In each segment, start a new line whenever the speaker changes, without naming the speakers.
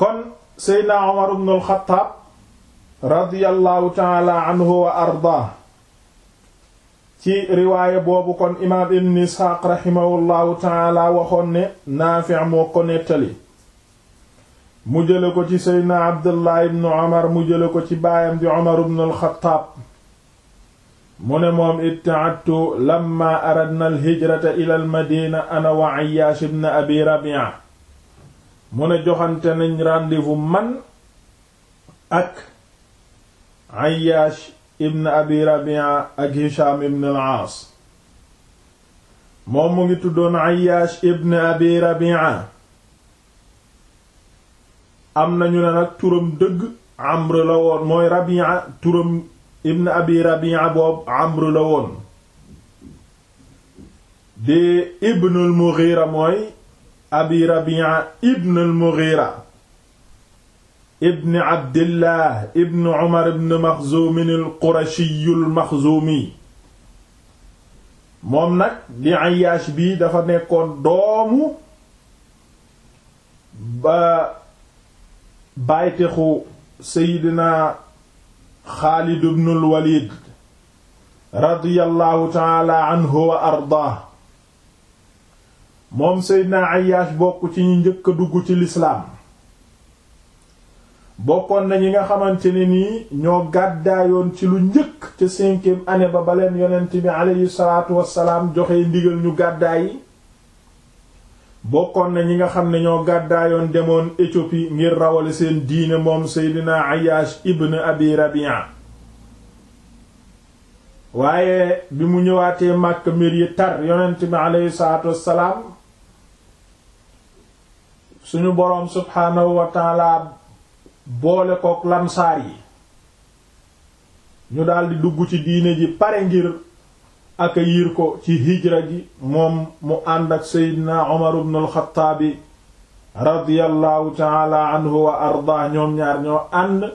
kon seydna Umar ibn al-Khattab taala anhu wa ardaa ci riwaaya boobu kon imaam ibn Isxaaq rahimahullahu taala waxoon ne Naafi' moo ko nettali mu jële ko ci seydna Abdullah ibn Umar mu jële ko ci baayam di Umar ibn al mu ne moom ibtaattu lamma aradna al-hijrata ila al-madina ana wa Ayyaash ibn Abi Rabi'a mu ne joxante nañ rendez-vous man ak Ayyash ibn Abi Rabi'a ak Hisham ibn ngi tuddoon Ayyash ibn Abi Rabi'a am nañu ne nag turam dëgg Amr la woon mooy Rabi'a turam ibn Abi Rabi'a boobu Amr la woon de Ibn al mooy abi rabi'a ibn al-mughira ibn abdillah ibn umar ibn maxzuumin al-qurashi al-maxzuumi moom nag di ayaash bi dafa nekkoon doomu ba baytixu seydina xaalid ibn al-walid radiyallahu ta'ala anhu wa ardaah moom Seydina Ayyash bokk ci ñi njëkk a dugg ci lislaam bokkoon na ñi nga xamante ne nii ñoo gàddaayoon ci lu njëkk ca cinquième année ba baleen yonent bi aleyhi salaatu joxe ndigal ñu gàddaayi bokkoon na ñi nga xam ne ñoo gàddaayoon demoon Éthiopie ngir rawale seen diine moom Seydina Ayyash ibn Abi Rabi'a waaye bi mu ñëwaatee Makka mbir yi tar yonent bi aleyhi salaatu suñu boroom subhaanahu wa taala boole kook lansaar yi ñu daldi dugg ci diine ji pare ngir yiir ko ci hijra gi moom mu ànd ak seydina Umar ibn al-Xattaabi radiyallahu taala anhu wa arda ñoom ñaar ñoo ànd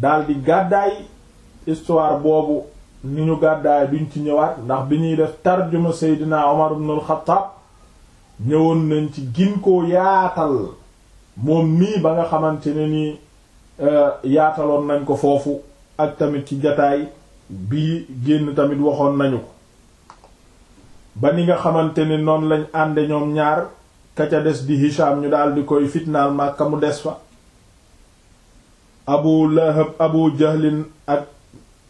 daldi gàddaay histoire boobu ni ñu gàddaay duñ ci ñëwaat ndax bi ñuy def tarjuma seydina Umar ibn al ñëwoon nañ ci gin koo yaatal moom mii ba nga xamante ne nii euh, yaataloon nañ ko foofu ak tamit ci jataay bii génn tamit waxoon nañu ko ba ni nga xamante ni noonu lañ ànde ñoom ñaar ka ca des di Hisham ñu daal di koy fitnaal Makka mu des fa Abu Lahab Abu Jahlin ak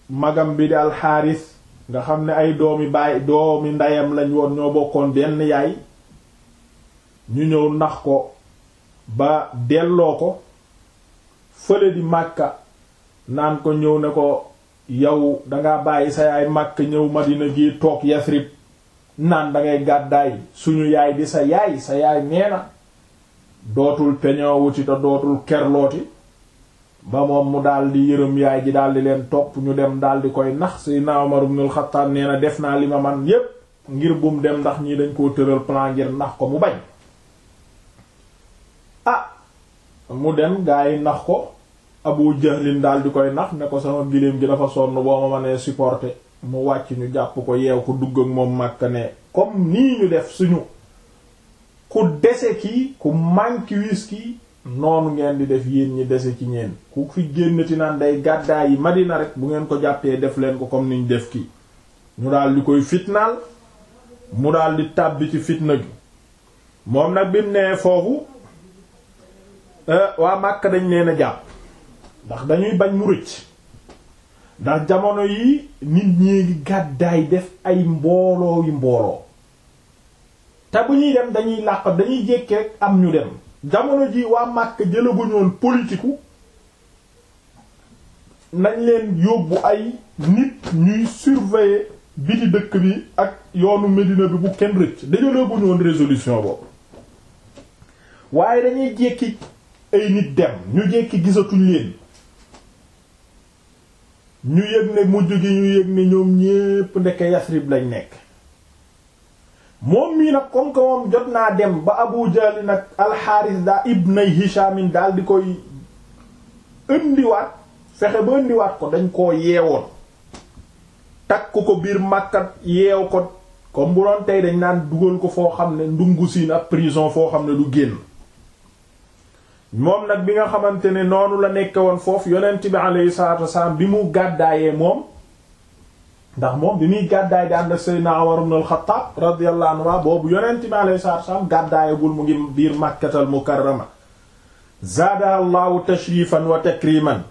magam bi di Al nga xam ne ay doomi baay doomi ndeyam lañ woon ñoo bokkoon benn yaay ñu ñëw nax ko ba delloo ko fële di màkka naan ko ñëw ne ko yow danga bàyyi sa yaay màkk ñëw madina gi toog yasrib naan dangay gàddaay suñu yaay di sa yaay sa yaay nee na dootul peñoowuti te ba moom mu daldi yërëm yaay ji daldi leen topp ñu dem daldi koy nax Seydina Umar ibn al nee na def naa li ma man yépp ngir bum dem ndax ñii dañ ko tëral plan ngir nax ko mu bañ mu dem gaa yi nax ko Abu Jahlin daal di koy nax ne ko sama giléem gi dafa sonn boo ma mënee supporter mu wàcc ñu jàpp ko yeew ko dugg ak moom Makka ne comme nii ñu def suñu ku dese kii ku manque wis kii noonu ngeen di def yéen ñi dese ci ñeen ku fi génnati naan day gàddaay yi Madina rek bu ngeen ko jàppee def leen ko comme niñ def kii ñu daal di koy fitnaal mu daal di tàbbi ci fitna gi moom nag bi mu nee foofu Euh, waa Màkka dañ leen a jàpp ndax dañuy bañ mu rëcc ndax jamono yi nit ñi ngi gàddaay def ay mbooloo yi mbooloo te bu ñuy dem dañuy làqat dañuy jékki rek am ñu dem jamono ji waa Màkka jëlaguñu woon politiku nañ leen yóbbu ay nit ñuy surveiller bi dëkk bi ak yoonu Médina bi bu kenn rëcc bu woon résolution boobu waaye dañuy jékki ay nit dem ñu jekki gisatuñ leen ñu yëg ne mujj gi ñu yëg ne ñoom ñépp ndeke Yasrib lañ nekk moom mii nag jot naa dem ba Abu Jahl nag alxaaris daa ibnay Hishamin daal di koy indiwaat fexe ba indiwaat ko dañ koo yeewoon takk ko biir Makka yeew ko comme bu doon tey dañ naan dugal ko foo xam ne ndungu siin ab prison foo xam ne du génn moom nag bi nga xamante ne noonu la nekke woon foofu yonent bi alayhi salaatu wasalaam bi mu gàddaayee moom ndax moom bi muy gàddaay di ànd ak Seydina Umar ibn al-Khattab radiyallahu boobu yonent bi alayhi salaatu wasalaam gàddaayagul mu ngi biir Makkatal Mukarrama zaada allahu tashrifan wa takriman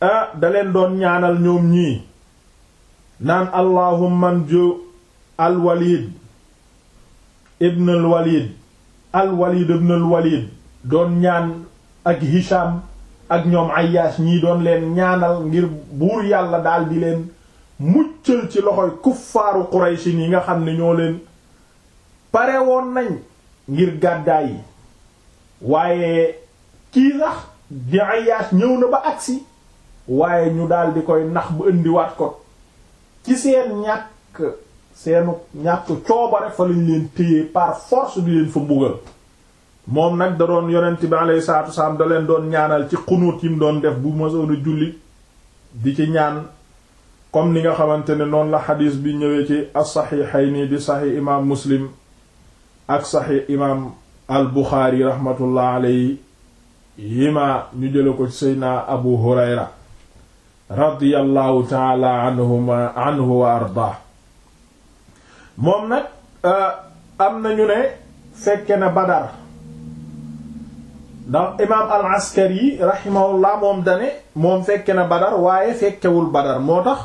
ah da doon ñaanal ñoom ñii naan allahumma anju al walid ibn al walid al walid doon ñaan ak Hisham ak ñoom Ayyash ñii doon leen ñaanal ngir buur yàlla daal di leen muccal ci loxoy kuffaaru Quraysh yi nga xam ne ñoo leen pare woon nañ ngir gàddaay yi waaye kii sax di Ayyash ñëw na ba agsi waaye ñu daldi koy nax bu indiwaat ko ci seen ñàkk seenu ñàkk coobare fa lañ leen téye par force di leen fa mbugal moom nag da doon yonent bi alayhi salaatu wasalaam da leen doon ñaanal ci xunuut yi doon def bu mësoon a julli di ci ñaan comme ni nga xamante ne noonu la xadiis bi ñëwee ci as-saxiixayni di saxiix imaam muslim ak saxiix imaam al buxaari raxmatullah alayhi yima ñu jële ko ci seydna abu hurayra radiyallahu taala anhuma anhu wa arda moom nag euh, am nañu ne fekke na badar ndax imaam al-Askari rahimahullah moom dane moom fekke na Badar waaye fekkewul Badar moo tax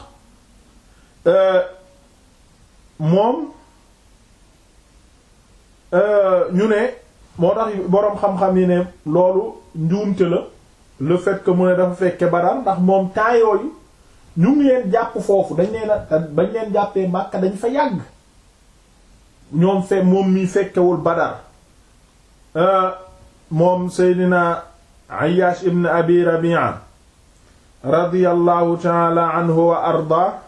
euh, moom euh, ñu ne moo tax boroom xam-xam yi ne loolu njuumte la le fait que mu ne dafa fekke Badar ndax moom temps yooyu ñu ngi leen jàpp foofu dañ leen bañ leen jàppee Makka dañ fa yàgg ñoom fe moom mi fekkewul Badar euh, moom seydina Ayyash ibn abi Rabi'a radiyallahu taala anhu wa arda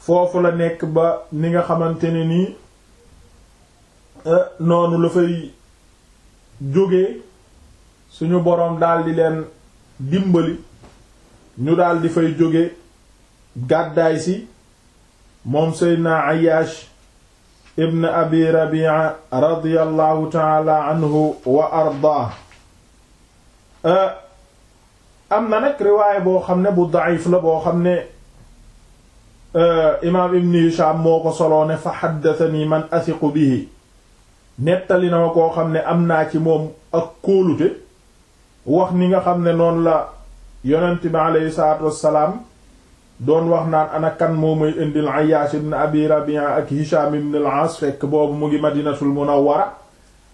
foofu la nekk ba ni nga xamante ni nii eh, noonu la fay jóge suñu boroom daldi leen dimbali ñu daldi fay jóge gàddaay si moom seydina Ayyash ibn abi rabi'a radiyallahu taala anhu wa ardaa am na nag riwaay boo xam ne bu da'if la boo xam ne imaam ibn hisham moo ko soloo ne fa xaddatani man athiqu koo xam ne am naa ci moom ak kóolute wax ni nga xam ne noonu la yonent bi aleyhi wassalaam doon wax naan ana kan moo may indil Ayyash ibn ak Hisham ibn al fekk boobu mu ngi Madinatul Munawwara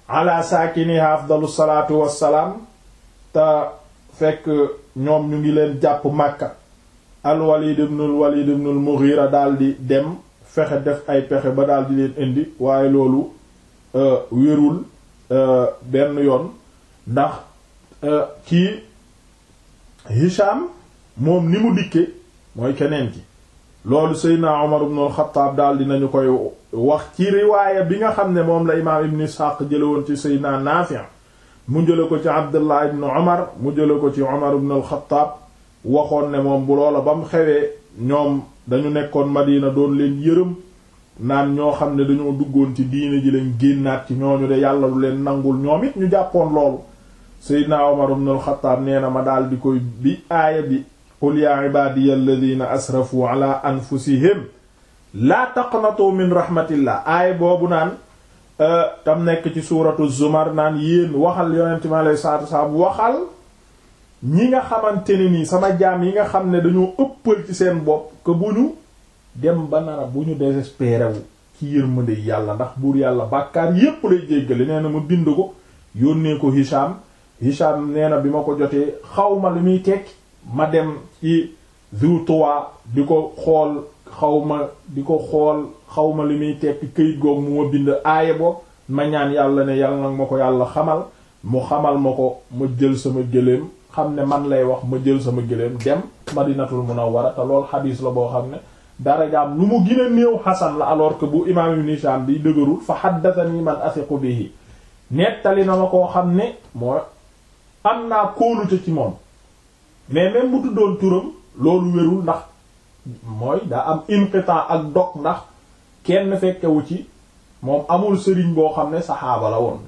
ala saakiniha afdalu salaatu wassalaam te fekk ñoom ñu ngi leen jàpp Makka al-Walid ibn al-Walid ibn al-Mughira di dem fexe def ay pexe ba daal di leen indi waaye loolu euh, wérul euh, benn yoon ndax euh, kii Hisham moom ni mu dikke mooy keneen ki loolu seydna Umar ibn al-Khattab daal dinañu koy wax ci riwaaya bi nga xam ne moom la imaam ibn Ishaq jële woon ci seydna Naafi' mu jële ko ci Abdullah ibn Umar mu jële ko ci Umar ibn al waxoon ne moom bu loola ba mu xewee ñoom dañu nekkoon Madina doon leen yërëm naan ñoo xam ne dañoo duggoon ci diine ji leen génnaat ci ñooñu de yàlla lu leen nangul ñoom it ñu jàppoon loolu seydna Umar ibn al-Khattab nee na ma daldi koy bi aaya bi qul yaa ibadiya alladina asrafu ala anfusihim laa taqnatu min rahmatillah aay boobu naan euh, tam nekk ci suuratu zumar naan yéen waxal yonente ma alei salatu wasalaam waxal ñi nga xamante ni nii sama jaam yi nga xam ne dañoo ëppal ci seen bopp que bu ñu dem ba nara bu ñu désespéré wu ci yërmande yàlla ndax buur yàlla bàkkaar yépp lay jéggale nee na bind ko yónnee ko Hisham Hisham nee bi ma ko jotee xawma lu muy tekki ma dem ci Zu Tuwa di ko xool xawma di ko xool xawma li muy tekki këyit goog mu ma bind aaya bo ma ñaan yàlla ne yàlla nag ma ko yàlla xamal mu xamal ma ko ma jël sama gëléem xam ne man lay wax ma jël sama gëléem dem Madinatul Munawwara te lool xadiis la boo xam ne darajaam lu mu gën a néew xasan la alors que bu imaam Ibn Hishaam bi dëgërul fa haddathani man athiqu bihi nettali na ma koo xam ne moo am naa kóolute ci moom mais même bu tuddoon turam loolu wérul ndax mooy daa am inqitan ak dog ndax kenn fekkewu ci moom amul sëriñ boo xam ne saxaaba la woon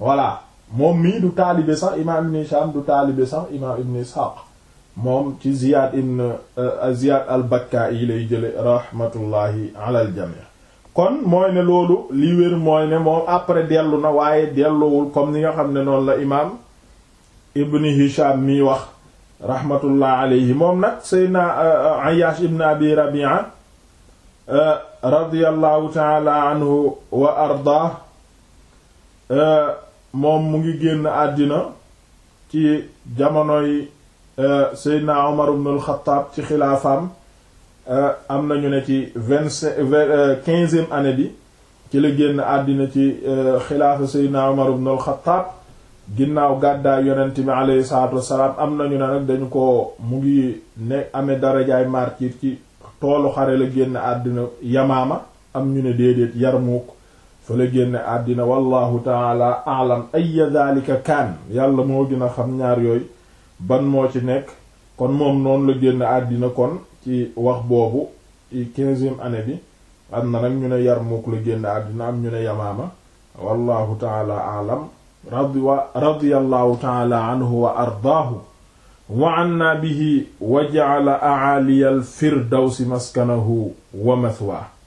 voilà moom mii du taalibe sax imaam ibn Hisham du taalibe sax imaam ibn Ishaq moom ci Ziyad ibn euh, euh, Ziyad al-Bakka'i lay jële rahmatullahi ala al-jami' kon mooy ne loolu lii wér mooy ne moom après dellu na waaye delluwul comme ni nga xam ne noonu la imaam ibn Hisham mii wax rahmatullah alayhi moom nag seydna uh, uh, Ayyash ibn abi Rabi'a uh, radiyallahu taala anhu wa arda moom mu ngi génn àddina ci jamonoy seydna Omar ibn al ci xilaafaam am nañu ne ci vingt-cinq quinzième année bi ci la génn àddina ci xilaafa seydna Omar ibn al ginnaaw gàddaay yonent bi aleyhi salaatu wassalaam am nañu ne nag dañu ko mu ngi ne amee darajaay martyr ci toolu xare la génn àddina yamaama am ñu ne déedéet yarmuuk fa la génn àddina wallahu taala alam ay daalika kaan yàlla moo gën a xam ñaar yooyu ban moo ci nekk kon moom noonu la génn àddina kon ci wax boobu ci quinzième année bi am na nag ñu ne yarmuuk la génn àddina am ñu ne yamaama wallahu taala alam radiyallahu taala anhu wa ardaahu wa anna bihi wa ja'ala a'aliya al-firdawsi maskanahu wa mathwaahu